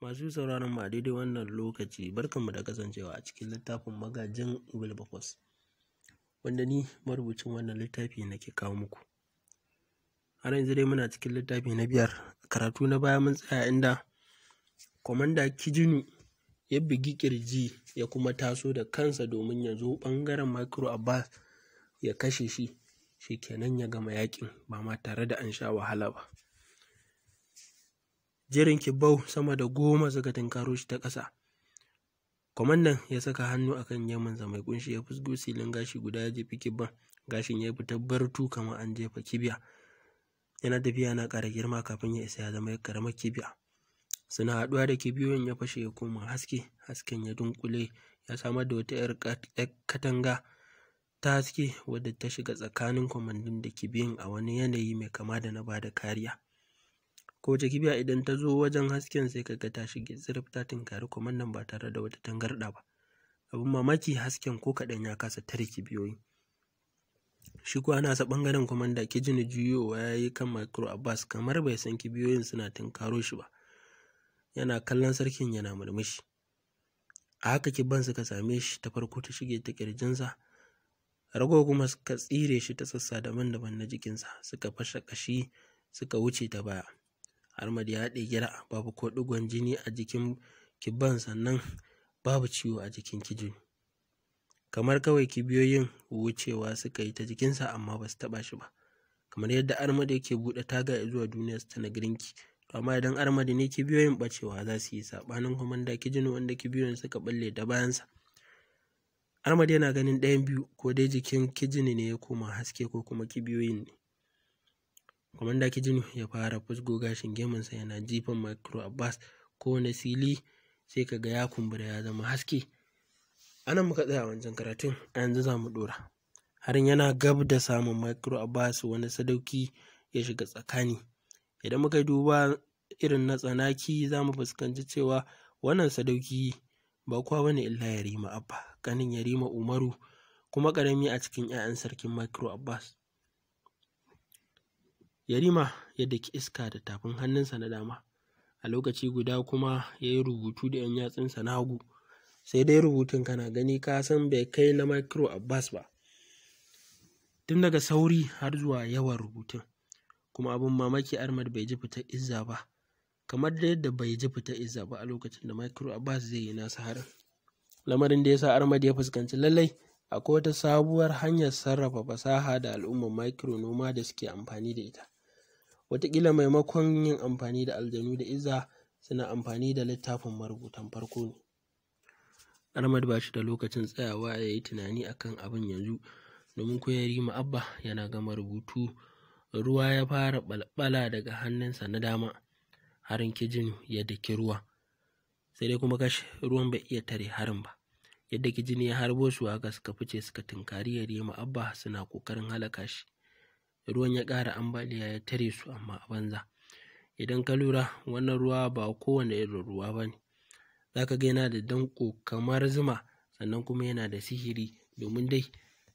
Masu sauraron mu a daidai wannan lokaci barkanmu da kasancewa a cikin littafin magajin Wilberforce wanda ni marubucin wannan littafi nake kawo muku. Har yanzu dai muna cikin littafi na biyar karatu na baya mun tsaya inda Kwamanda Kijinu ya bugi kirji ya kuma taso da kansa domin ya zo ɓangaren Micro Abbas ya kashe shi shikenan ya gama yakin ba ma tare da an sha wahala ba. jerin kibau sama da goma suka tunkaro shi ta ƙasa kwamandan ya saka hannu akan yamansa mai kunshi ya fusgo silin gashi guda ya jefi kibban gashin ya fita bartu kamar an jefa kibiya yana tafiya na kara girma kafin ya isa ya zama ya karamar kibiya suna haɗuwa da kibiyoyin ya fashe ya koma haske hasken ya dunkule ya samar da wata 'yar katanga ta haske wadda ta shiga tsakanin kwamandin da kibiyin a wani yanayi mai kama da na bada kariya ko wace kibiya idan ta zo wajen hasken sai ka ta shige tsirif ta tinkari kwamandan ba tare da wata tangarɗa ba abin mamaki hasken ko kaɗan ya kasa tare kibiyoyi shi kuwa sa ɓangaren kwamanda kijini juyowa ya yi kan micro abbas kamar bai san kibiyoyin suna tinkaro shi ba yana kallon sarkin yana murmushi a haka kibban suka same shi ta farko ta shige ta ƙirjinsa rago kuma suka tsire shi ta sassa daban-daban na jikinsa suka fashe kashi suka wuce ta baya Ahmad ya gira babu ko ɗigon jini a jikin kibban sannan babu ciwo a jikin kijin. Kamar kawai kibiyoyin wucewa suka yi ta jikinsa amma ba su taɓa shi ba. Kamar yadda Ahmad yake buɗe taga zuwa duniyar ta na girinki. amma idan armadi ne kibiyoyin ɓacewa za su yi saɓanin kwamanda kijin wanda kibiyoyin suka balle da bayansa. Ahmad yana ganin ɗayan biyu ko dai jikin kijini ne ya koma haske ko kuma kibiyoyin ne. da jin ya fara fusgo gashin gemunsa yana jifan Micro Abbas kowane sili sai ka ga ya kumbura ya zama haske. Anan muka tsaya a wancan karatun a yanzu za mu ɗora. Harin yana gab da samun Micro Abbas wani sadauki ya shiga tsakani. Idan muka duba irin na tsanaki za mu fuskanci cewa wannan sadauki ba kuwa bane illa Yarima Abba, kanin Yarima Umaru kuma ƙarami a cikin 'ya'yan sarkin Micro Abbas. Yarima ya daki iska da tafin hannunsa na dama, a lokaci guda kuma ya yi rubutu da 'yan yatsunsa na hagu, sai dai rubutun kana gani ka san bai kai na Micro Abbas ba. Tun daga sauri har zuwa yawan rubutun, kuma abin mamaki Ahmad bai ji fitar izza ba, kamar da yadda bai ji fita izza ba a lokacin da Micro Abbas zai yi nasa harin. Lamarin da ya sa Ahmad ya fuskanci lallai akwai wata sabuwar hanyar sarrafa fasaha da al'ummar micro noma da suke amfani da ita. Wataƙila maimakon yin amfani da aljanu da iza suna amfani da littafin marubutan farko ne. Ahmad ba shi da lokacin tsayawa ya yi tunani akan abin yanzu domin ko Yarima Abba yana gama rubutu ruwa ya fara ɓalɓala daga hannunsa na dama harin kijin ya daki ruwa sai dai kuma kashi ruwan bai iya tare harin ba yadda kijin ya harbo su haka suka fice suka tunkari Yarima Abba suna ƙoƙarin halaka shi. ruwan ya ƙara ambaliya ya tare su amma a banza idan ka lura wannan ruwa ba kowane irin ruwa ba ne za ka ga yana da danƙo kamar zuma sannan kuma yana da sihiri domin dai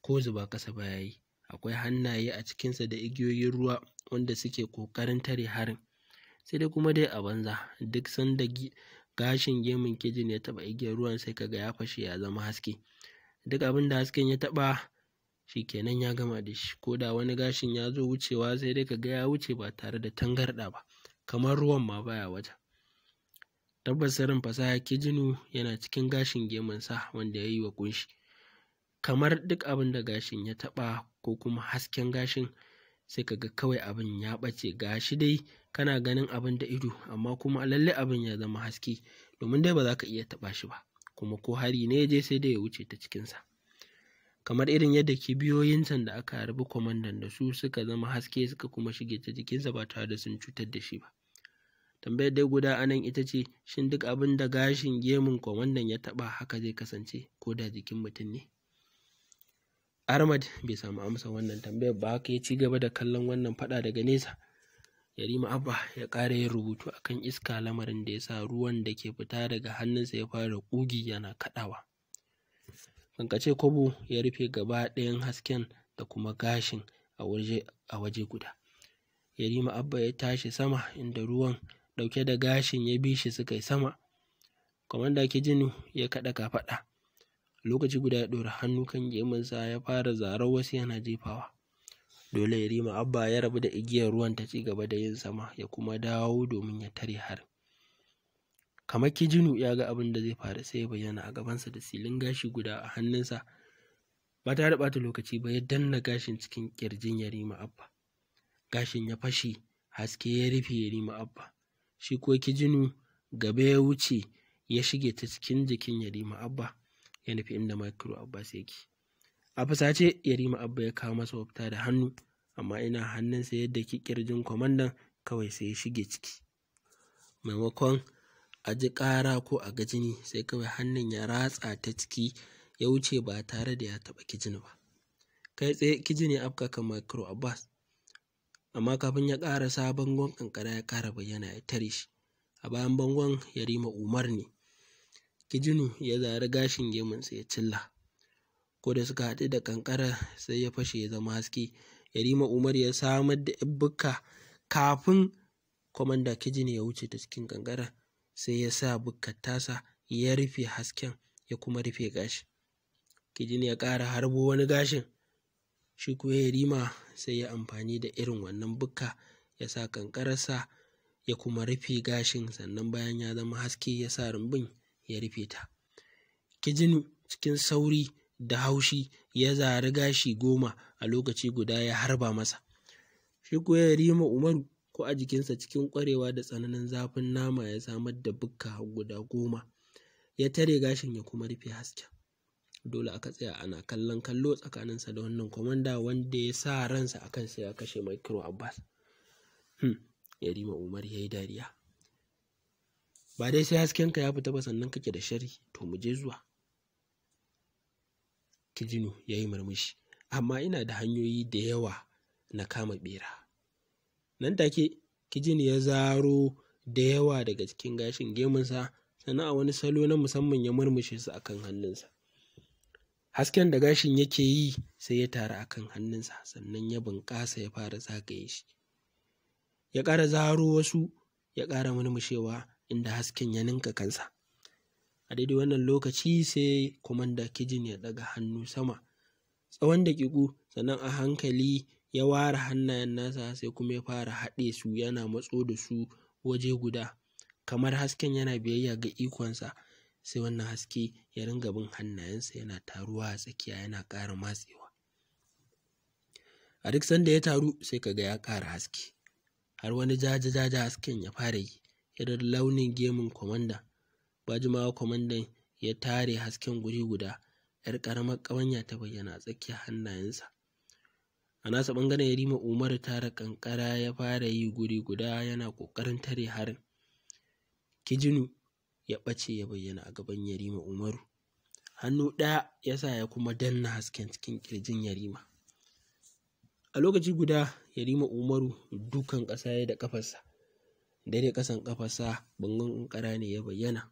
ko zuba kasa ba ya yi akwai hannaye a cikinsa da igiyoyin ruwa wanda suke ƙoƙarin tare harin sai dai kuma dai a banza duk sanda gashin gemun kijin ya taɓa igiyar ruwan sai kaga ya fashe ya zama haske duk abin da hasken ya taɓa shikenan kenan ya gama da shi ko da wani gashin ya zo wucewa sai dai ka ga ya wuce ba tare da tangarɗa ba kamar ruwan ma baya wajen tabbas sarin fasaha kijinu yana cikin gashin sa wanda ya yi wa kunshi kamar duk abin da gashin ya taɓa ko kuma hasken gashin sai ka ga kawai abin ya ɓace gashi dai kana ganin abin da ido amma kuma lalle abin ya zama haske domin dai ba za ka iya taba shi ba kuma ko hari ne ya je sai dai ya wuce ta cikinsa kamar irin yadda kibiyoyin can da aka harbi kwamandan da su suka zama haske suka kuma shige ta jikinsa ba tare da sun cutar da shi ba tambayar dai guda anan ita ce shin duk abin da gashin gemun kwamandan ya taba haka zai kasance ko da jikin mutum ne Ahmad bai samu amsa wannan tambayar ba haka ya ci gaba da kallon wannan faɗa daga nesa Yarima Abba ya ƙara yin rubutu akan iska lamarin da ya sa ruwan da ke fita daga hannunsa ya fara ƙugi yana kaɗawa. Kankace kwabo ya rufe gaba ɗayan hasken da kuma gashin a waje, guda. Yarima Abba ya tashi sama inda ruwan ɗauke da gashin ya bi shi suka yi sama. Kwamanda Kijinu ya kaɗa kafaɗa. Lokaci guda ya ɗora hannu kan gemunsa ya fara zarar wasu yana jefawa. Dole Yarima Abba ya rabu da igiyar ruwan ta ci gaba da yin sama ya kuma dawo domin ya tare harin. kamar kijinu ya ga abin da zai faru sai ya bayyana a gabansa da silin gashi guda a hannunsa ba tare ɓata lokaci ba ya danna gashin cikin ƙirjin yarima abba gashin ya fashe haske ya rufe yarima abba shi ko kijinu gaba ya wuce ya shige ta cikin jikin yarima abba ya nufi inda micro sai yake a fusace yarima abba ya kawo masa wafta da hannu amma ina hannunsa yadda ki kirjin kwamandan kawai sai ya shige ciki maimakon a ji ƙara ko a ga jini sai kawai hannun ya ratsa ta ciki ya wuce ba tare da ya taɓa kijin ba kai tsaye kijin ya afka kan micro abbas amma kafin ya ƙara sa bangon ƙanƙara ya ƙara bayyana ya tare shi a bayan bangon ya rima umar ne kijinu ya zari gashin gemunsa ya cilla ko da suka haɗu da ƙanƙara sai ya fashe ya zama haske yarima umar ya samar da ibuka kafin kwamanda kijini ya wuce ta cikin ƙanƙara sai ya sa bukkar tasa ya rufe hasken ya kuma rufe gashi kijin ya ƙara harbo wani gashin shi kuwa ya rima sai ya amfani da irin wannan bukka ya sa kankararsa ya kuma rufe gashin sannan bayan ya zama haske ya sa rumbun ya rufe ta kijin cikin sauri da haushi ya zari gashi goma a lokaci guda ya harba masa shi kuwa ya rima umaru ko a jikinsa cikin ƙwarewa da tsananin zafin nama ya samar da bukka guda goma ya tare gashin ya kuma rufe hasken dole aka tsaya ana kallon kallo tsakaninsa da wannan kwamanda wanda ya sa ransa a kansa ya kashe micro abbas hmm, yarima umar ya yi dariya ba dai sai haskenka ya fita ba sannan kake da shari to mu je zuwa kijinu ya yi murmushi amma ina da hanyoyi da yawa na kama bera nan take kijin ya zaro da yawa daga cikin gashin gemunsa sannan a wani salo na musamman ya murmushe su akan hannunsa hasken da gashin yake yi sai ya tara akan hannunsa sannan ya bunƙasa ya fara zagaye shi ya ƙara zaro wasu ya ƙara murmushewa inda hasken ya ninka kansa a daidai wannan lokaci sai kwamanda kijin ya ɗaga hannu sama tsawon daƙiƙu sannan a hankali ya ware hannayen nasa sai kuma ya fara haɗe su yana matso da su waje guda kamar hasken yana biyayya ga ikonsa sai wannan haske ya ringa bin hannayensa yana taruwa a tsakiya yana ƙara matsewa a duk sanda ya taru sai ka ga ya ƙara haske har wani jaja-jaja hasken ya fara yi irin launin gemun kwamanda ba jimawa kwamandan ya tare hasken guri guda 'yar ƙaramar ƙawanya ta bayyana a tsakiyar hannayensa a nasa ɓangaren yarima umaru tara kankara ya fara yi guri guda yana ƙoƙarin tare harin kijinu ya ɓace ya bayyana a gaban yarima umaru hannu ɗaya ya sa ya kuma danna hasken cikin ƙirjin yarima a lokaci guda yarima umaru dukan ƙasa ya da ƙafarsa dare ƙasan ƙafarsa bangon kankara ne ya bayyana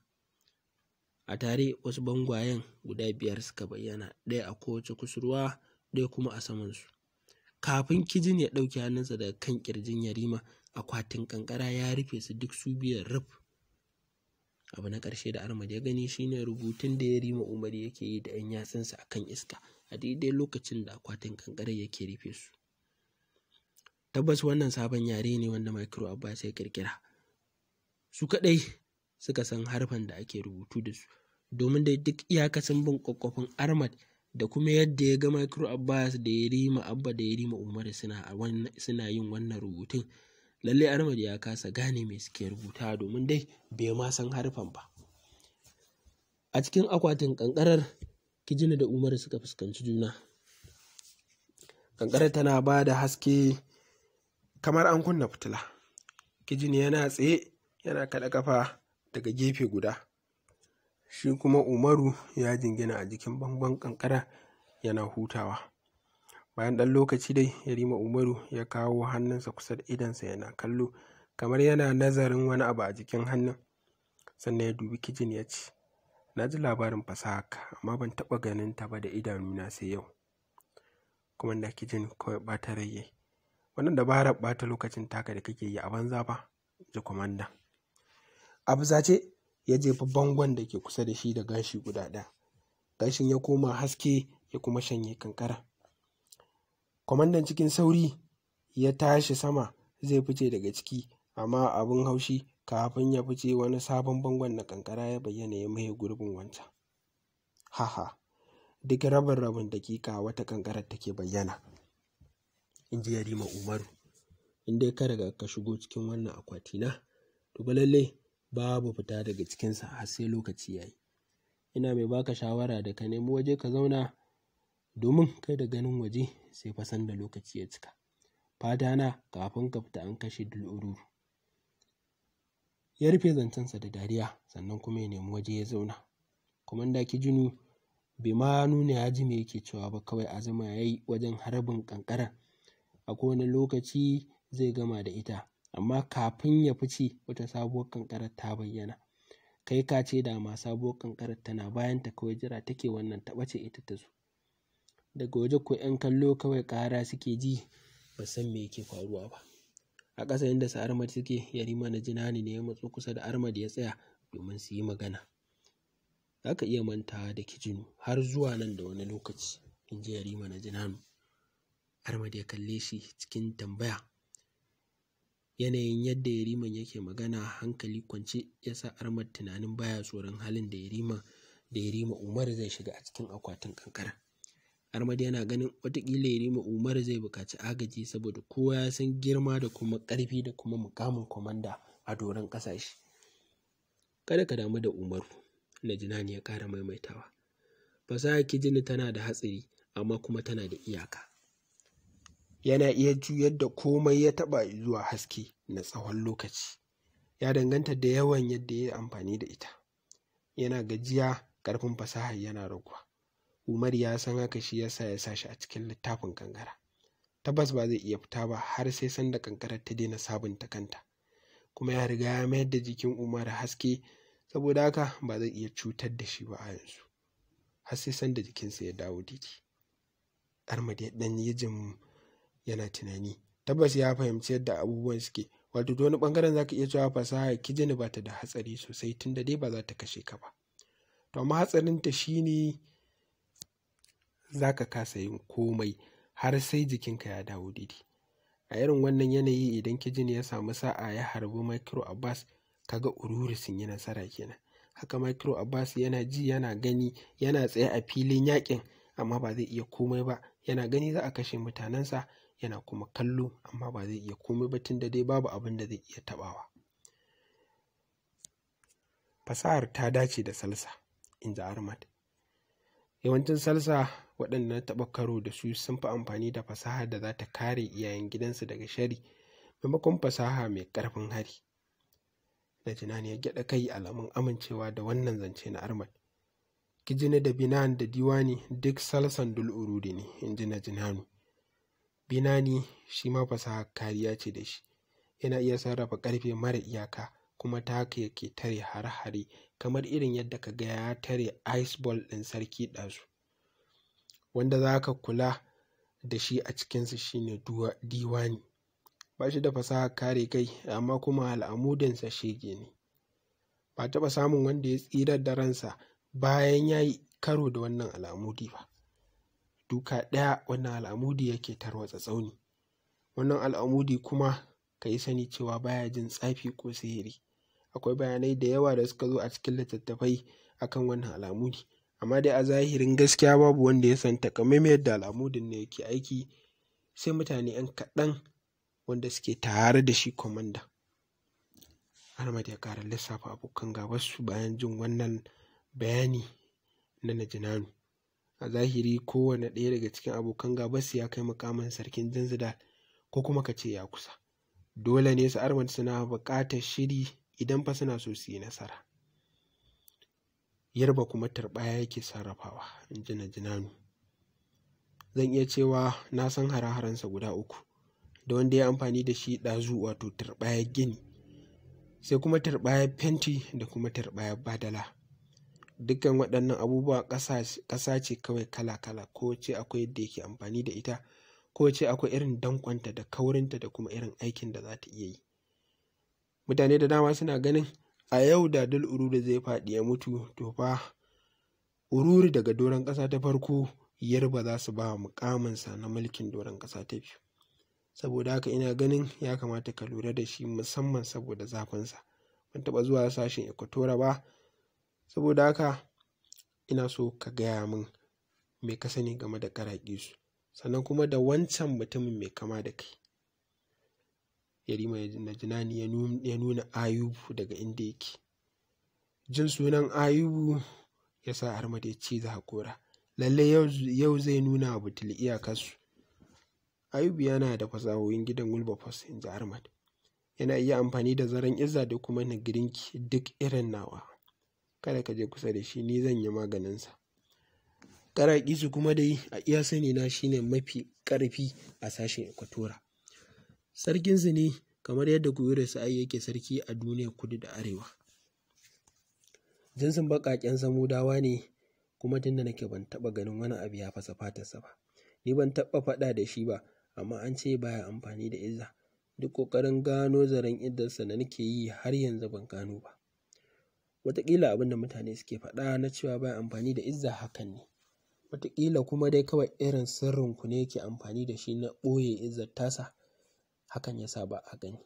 a tare wasu bangwayen guda biyar suka bayyana ɗaya a kowace kusurwa ɗaya kuma a samansu kafin kijin ya ɗauki hannunsa daga kan ƙirjin yarima akwatin kankara ya rufe su duk su biyar ruf abu na ƙarshe da armad ya gani shine rubutun da yarima umar yake yi da 'yan yatsunsa kan iska a daidai lokacin da akwatin kankara yake rufe su tabbas wannan sabon yare ne wanda micro abbas ya kirkira su kaɗai suka san harfan da ake rubutu da su domin dai duk iyakacin bin kwakwafin armad da kuma yadda ya ga Micro Abbas da ya Yarima Abba da ya Yarima Umar suna suna yin wannan rubutun lalle Ahmad ya kasa gane mai suke rubuta domin dai bai ma san harfan ba a cikin akwatin kankarar kijina da Umar suka fuskanci juna kankarar tana ba da haske kamar an kunna fitila kijini yana tsaye yana kaɗa kafa daga gefe guda Shi kuma Umaru ya jingina a jikin bangon ƙanƙara yana hutawa. Bayan ɗan lokaci dai Yarima Umaru ya kawo hannunsa kusa da idonsa yana kallo kamar yana nazarin wani abu a jikin hannun. Sannan ya dubi kijin ya ce, Na ji labarin fasaha amma ban taɓa ganin ta ba da idanuna sai yau. Kuma na kicin kawai ɓata rai Wannan dabarar bata lokacin taka da kake yi a banza ba, ji kwamandan. Abu zace ya jefa bangon da ke kusa da shi da gashi guda ɗaya gashin ya koma haske ya kuma shanye kankara kwamandan cikin sauri ya tashi sama zai fice daga ciki amma abin haushi kafin ya fice wani sabon bangon na kankara ya bayyana ya mai gurbin wancan haha duk rabin rabin dakika wata kankarar take bayyana in ji yarima umaru in dai ka riga ka shigo cikin wannan akwati na to lallai babu fita daga cikinsa har sai lokaci ya yi ina mai baka shawara da ka nemi waje ka zauna domin kai da ganin waje sai fasan da lokaci ya cika fata na kafin ka fita an kashe dulururu ya rufe zancensa da dariya sannan kuma ya nemi waje ya zauna Kuma da ki kijinu bai ma nuna ya ji me yake cewa ba kawai azuma ya yi wajen harbin kankara a kowane lokaci zai gama da ita amma kafin ya fice wata sabuwar ƙanƙarar ta bayyana kai ka ce da ma sabuwar ƙanƙarar tana bayan ta kawai jira take wannan ta ce ita ta zo daga waje ko 'yan kallo kawai kara suke ji ba san me yake faruwa ba a ƙasa inda su armad suke yarima na jinani ne ya matso kusa da armadi ya tsaya domin su yi magana za ka iya mantawa da kijinu har zuwa nan da wani lokaci in ji yarima na jinanu armadi ya kalle shi cikin tambaya Yanayin yadda Yariman yake magana a hankali kwance ya sa Ahmad tunanin baya tsoron halin da Yarima da Yarima Umar zai shiga a cikin akwatin kankara. Ahmad yana ganin watakila Yarima Umar zai buƙaci agaji saboda kowa ya san girma da kuma ƙarfi da kuma mukamin kwamanda a doron ƙasashe. Kada ka damu da Umaru, Najinani ya ƙara maimaitawa. Fasahar Kijini tana da hatsari amma kuma tana da iyaka. yana iya juyar da komai ya taɓa zuwa haske na tsawon lokaci ya danganta da yawan yadda ya yi amfani da ita yana gajiya ƙarfin fasaha yana raguwa umar ya san haka shi yasa ya sa shi a cikin littafin kankara tabbas ba zai iya fita ba har sai sanda kankarar ta daina sabunta kanta kuma ya riga ya mayar da jikin umar haske saboda haka ba zai iya cutar da shi ba a yanzu har sai sanda jikinsa ya dawo daidai armad ya ɗan yi jin yana tunani tabbas ya fahimci yadda abubuwan suke wato to wani bangaren zaka iya cewa fasaha kijini ba ta da hatsari sosai tun da dai ba za ta kashe ka ba to amma hatsarin ta shine zaka kasa yin komai har sai jikinka ya dawo daidai a irin wannan yanayi idan kijini ya samu sa'a ya harbi micro abbas kaga sun yi nasara kenan haka micro abbas yana ji yana gani yana tsaye a filin yakin amma ba zai iya komai ba yana gani za a kashe mutanensa yana kuma kallo amma ba zai iya komai ba tunda dai babu abin da zai iya tabawa fasahar ta dace da salsa in ji armad yawancin salsa waɗanda na taɓa karo da su sun fi amfani da fasaha da za ta kare iyayen gidansu daga shari maimakon fasaha mai ƙarfin hari da jinani ya gyaɗa kai alamun amincewa da wannan zance na armad Kijine da binan da Diwani duk salsan dul urudi ne, in ji Najinhanu. Binani shi ma fasa kariya ce da shi, yana iya sarrafa karfe mara iyaka kuma ta haka yake tare hare-hare kamar irin yadda ka gaya ya tare ice ball ɗin sarki ɗazu. Wanda za ka kula da shi a cikinsu shine Diwani. Ba shi da fasaha kare kai amma kuma al'amudinsa shege ne. Ba taɓa samun wanda ya tsira da ransa bayan ya yi karo da wannan al'amudi ba duka ɗaya wannan al'amudi yake tarwatsa tsauni wannan al'amudi kuma ka yi sani cewa baya jin tsafi ko sihiri akwai bayanai da yawa da suka zo a cikin littattafai akan wannan al'amudi amma dai a zahirin gaskiya babu wanda ya san takamaimai yadda al'amudin ne yake aiki sai mutane 'yan kaɗan wanda suke tare da shi kwamanda Ahmad ya ƙara lissafa abokan su bayan jin wannan bayani na Najinanu. A zahiri kowane ɗaya daga cikin abokan su ya kai mukamin sarkin Zanzibar ko kuma ka ce ya kusa. Dole ne su Ahmad suna buƙatar shiri idan fa suna so su yi nasara. Yarba kuma ya yake sarrafawa, in ji Najinanu. Zan iya cewa na san hare-harensa guda uku, da wanda ya amfani da shi ɗazu wato tarɓayar gini, sai kuma tarɓayar fenti da kuma tarɓayar badala. dukkan waɗannan abubuwa ƙasa ce kawai kala-kala ce akwai yadda yake amfani da ita ce akwai irin danƙonta da kaurinta da kuma irin aikin da za ta iya yi mutane da dama suna ganin a yau da dal ururi zai faɗi ya mutu to fa ururi daga doron ƙasa ta farko yarba za su ba wa mukaminsa na mulkin doron ƙasa ta biyu saboda haka ina ganin ya kamata ka lura da shi musamman saboda zafinsa ban taɓa zuwa sashen ekwatora ba saboda haka ina so ka gaya min mai ka sani game da su, sannan kuma da wancan mutumin mai kama da kai yarima na jinani ya nuna ayubu daga inda yake jin sunan ayubu ya sa har ya ce za kora. lalle yau zai nuna wa tuli iyakarsu ayubu yana da fasahohin gidan wilberforce in ji yana iya amfani da zaren izza da kuma nigirinki duk irin nawa kada ka je kusa da shi ni zan yi maganinsa su kuma dai a iya sani na shine mafi karfi a sashen ekwatora su ne kamar yadda kuyure sa'ai yake sarki a duniya kudu da arewa jinsin baƙaƙen samudawa ne kuma tun da nake ban taba ganin wani abu ya fasa fatarsa ba ni ban taɓa faɗa da shi ba amma an ce baya amfani da izza duk ƙoƙarin gano zaren iddarsa da nake yi har yanzu ban gano ba Wataƙila abin da mutane suke faɗa na cewa baya amfani da izza hakan ne. Wataƙila kuma dai kawai irin sirrin ku ne yake amfani da shi na ɓoye izzar tasa. Hakan ya sa ba a gani.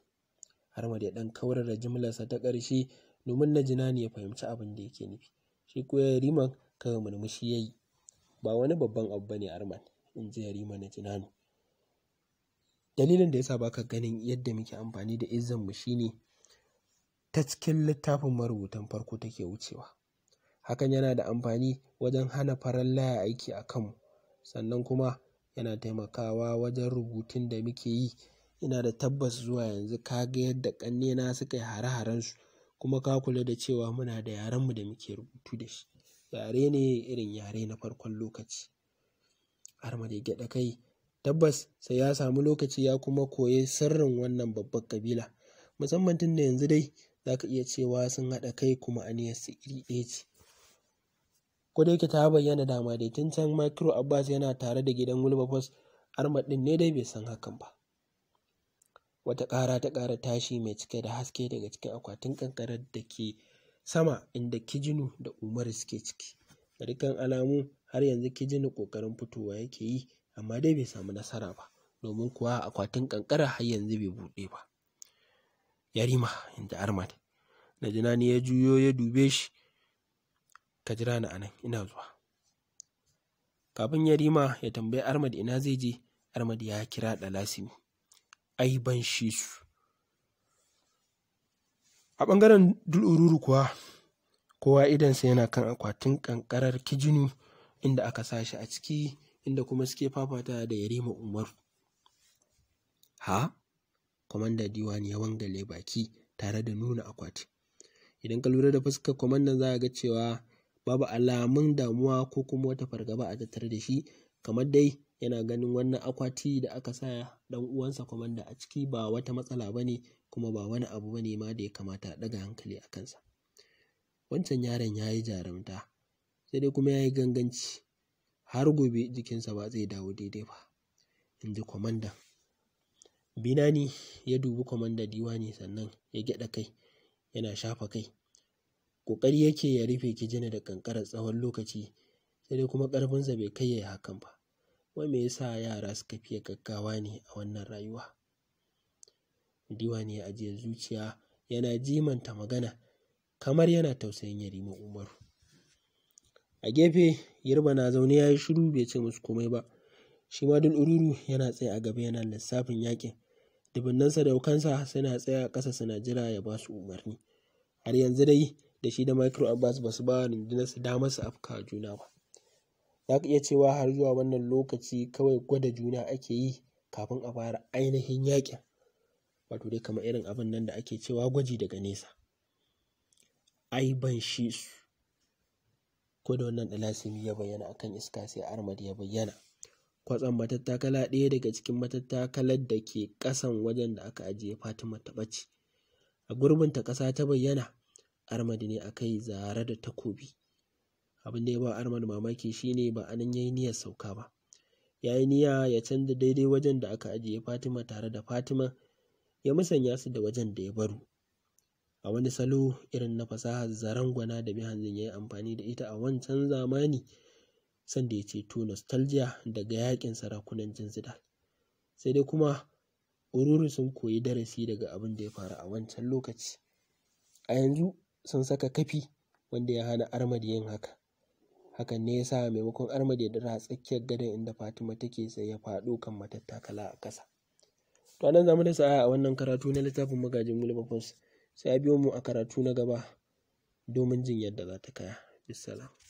ma ya ɗan kawar da jimlarsa ta ƙarshe domin na jinani ya fahimci abin da yake nufi. Shi kuwa ka kawai murmushi ya yi. Ba wani babban abu ba ne Arman, in ji Yarima na jina ne Dalilin da ya sa ba ka ganin yadda muke amfani da izzarmu shi ne ta cikin littafin marubutan farko take wucewa hakan yana da amfani wajen hana farar laya aiki a kanmu sannan kuma yana taimakawa wajen rubutun da muke yi ina da tabbas zuwa yanzu ka ga yadda ƙannena suka yi hare-haren su kuma ka kula da cewa muna da yarenmu da muke rubutu da shi yare ne irin yare na farkon lokaci har ma gyaɗa kai tabbas sai ya samu lokaci ya kuma koyi sirrin wannan babbar kabila musamman tun da yanzu dai za ka iya cewa sun haɗa kai kuma aniyarsu iri ɗaya ce. Ko da ta bayyana dama dai tun can Micro Abbas yana tare da gidan Wilberforce Ahmad ɗin ne dai bai san hakan ba. Wata ƙara ta ƙara tashi mai cike da haske daga cikin akwatin ƙanƙarar da ke sama inda Kijinu da Umar suke ciki. Da dukkan alamu har yanzu Kijinu ƙoƙarin fitowa yake yi amma dai bai samu nasara ba domin kuwa akwatin ƙanƙara har yanzu bai buɗe ba. yarima inda armad ni ya juyo ya dube shi ka jira ni anan ina zuwa kafin yarima ya tambayi armad ina zai je armad ya kira dalasimi ai ban shi su a ɓangaren dul'ururu kuwa kowa idansa yana kan akwatin ƙanƙarar kijinu inda aka sa shi a ciki inda kuma suke fafata da yarima umaru ha kwamandan Diwani ya wangale baki tare da nuna akwati. Idan ka lura da fuskar kwamandan za ga cewa babu alamun damuwa ko kuma wata fargaba a tattare da shi kamar dai yana ganin wannan akwati da aka sa dan uwansa kwamanda a ciki ba wata matsala ba ne kuma ba wani abu ba ne ma da ya kamata a ɗaga hankali a kansa. Wancan yaron ya yi jarumta sai dai kuma ya yi ganganci har gobe jikinsa ba zai dawo daidai ba in ji kwamandan Binani ya dubi kwamandan Diwani sannan ya gyaɗa kai yana shafa kai. Ƙoƙari yake ya rufe Kijina da ƙanƙarar tsawon lokaci sai dai kuma ƙarfinsa bai kai ya yi hakan ba. Wai me yasa yara suka fiye gaggawa ne a wannan rayuwa? Diwani ya ajiye zuciya yana jimanta magana kamar yana tausayin Yarima Umaru. A gefe Yarba na zaune ya yi shiru bai ce musu komai ba. Shi ma duk ururu yana tsaye a gaba yana lissafin yaƙin. Dubunnan sadaukansa suna tsaya ƙasa suna jira ya ba su umarni. Har yanzu dai da shi da Micro Abbas ba su ba wa su damar su afka juna ba. Za ka iya cewa har zuwa wannan lokaci kawai gwada juna ake yi kafin a fara ainihin yaƙin. Wato dai kamar irin abin nan da ake cewa gwaji daga nesa. Ai ban shi su. Ko da wannan ɗalasimi ya bayyana akan iska sai armad ya bayyana. Kwatsan matattakala ɗaya daga cikin matattakalar da ke ƙasan wajen da aka ajiye Fatima ta ɓace. A gurbinta ƙasa ta bayyana, Ahmad ne a kai zare da takobi. Abin da ya ba Ahmad mamaki shine ba anan nan ya yi niyyar sauka ba. Ya yi niyya ya canza daidai wajen da aka ajiye Fatima tare da Fatima ya musanya su da wajen da ya baro. A wani salo irin na fasahar zarangwana da Mihanzin ya yi amfani da ita a wancan zamani. sanda ya ceto nostalgia daga yaƙin sarakunan Zanzibar. Sai dai kuma Ururu sun koyi darasi daga abin da ya faru a wancan lokaci. A yanzu sun saka kafi wanda ya hana Ahmad yin haka. Hakan ne ya sa maimakon Ahmad ya dira a tsakiyar gadon inda Fatima take sai ya faɗo kan matattakala a ƙasa. To nan za mu da sa'a a wannan karatu na littafin magajin Wilberforce sai a biyo mu a karatu na gaba domin jin yadda za ta kaya. bisalam